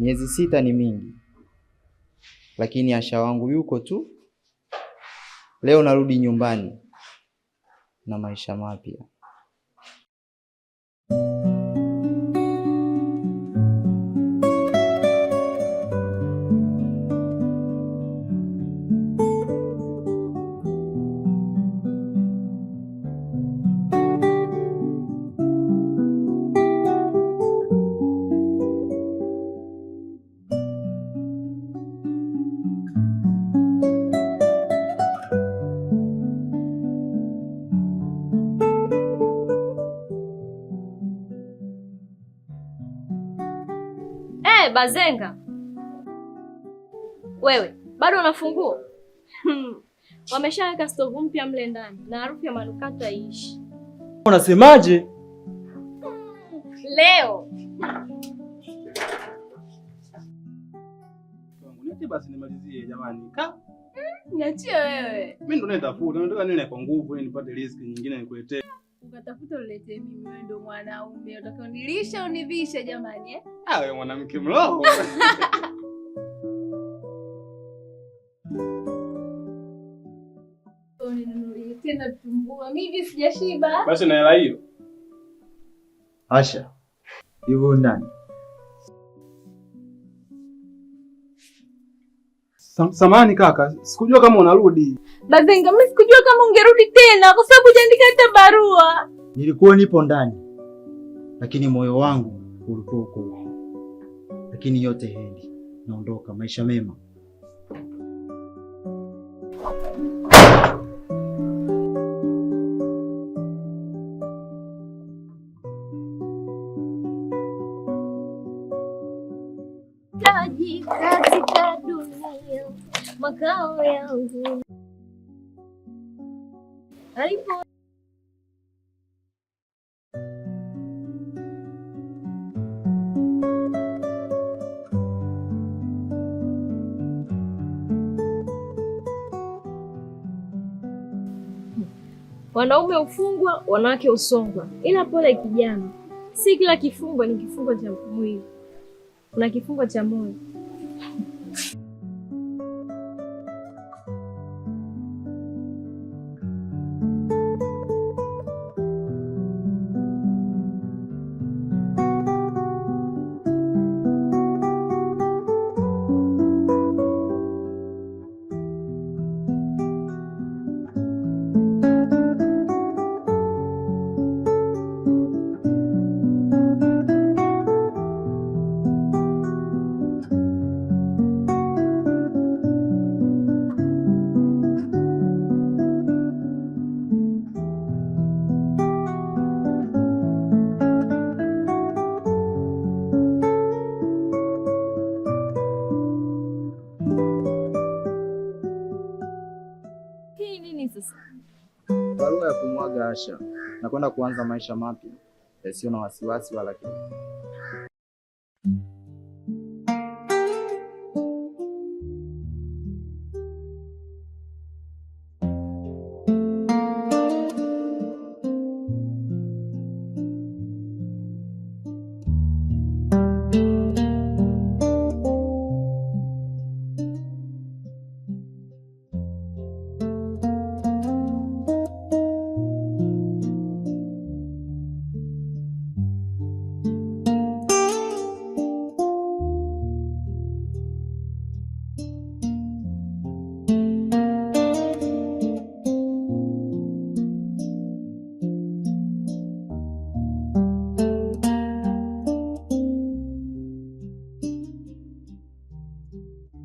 Miezi sita ni mingi, lakini Asha wangu yuko tu. Leo narudi nyumbani na maisha mapya. Bazenga, wewe bado unafungua? Hmm, wameshaweka stovu mpya mle ndani na harufu ya manukato haiishi. Unasemaje? Leo basi nimalizie jamani. Ka? Hmm, niachie wewe. Mimi ndo nitafuta, nataka nile kwa nguvu nipate riziki nyingine nikuletee. Unatafuta uletee mimi, wewe ndo mwanaume utakaonilisha univisha, jamani eh? Ah, wewe mwanamke mroho. tena vitumbua, mimi sijashiba. Basi na hela hiyo. Asha. Hivyo nani? samani kaka, sikujua kama unarudi. Bazenga, mimi sikujua kama ungerudi tena kwa sababu hujaandika hata barua. Nilikuwa nipo ndani, lakini moyo wangu ulikuwa uko huko. Lakini yote hendi naondoka. Maisha mema. Taji, taji, taji makao yangu alipo Wanaume ufungwa wanawake usongwa ila pole kijana, si kila kifungo ni kifungo cha mwili, kuna kifungo cha moyo. Hii nini sasa? Barua ya kumwaga Asha na kwenda kuanza maisha mapya yasiyo na wasiwasi wala kitu.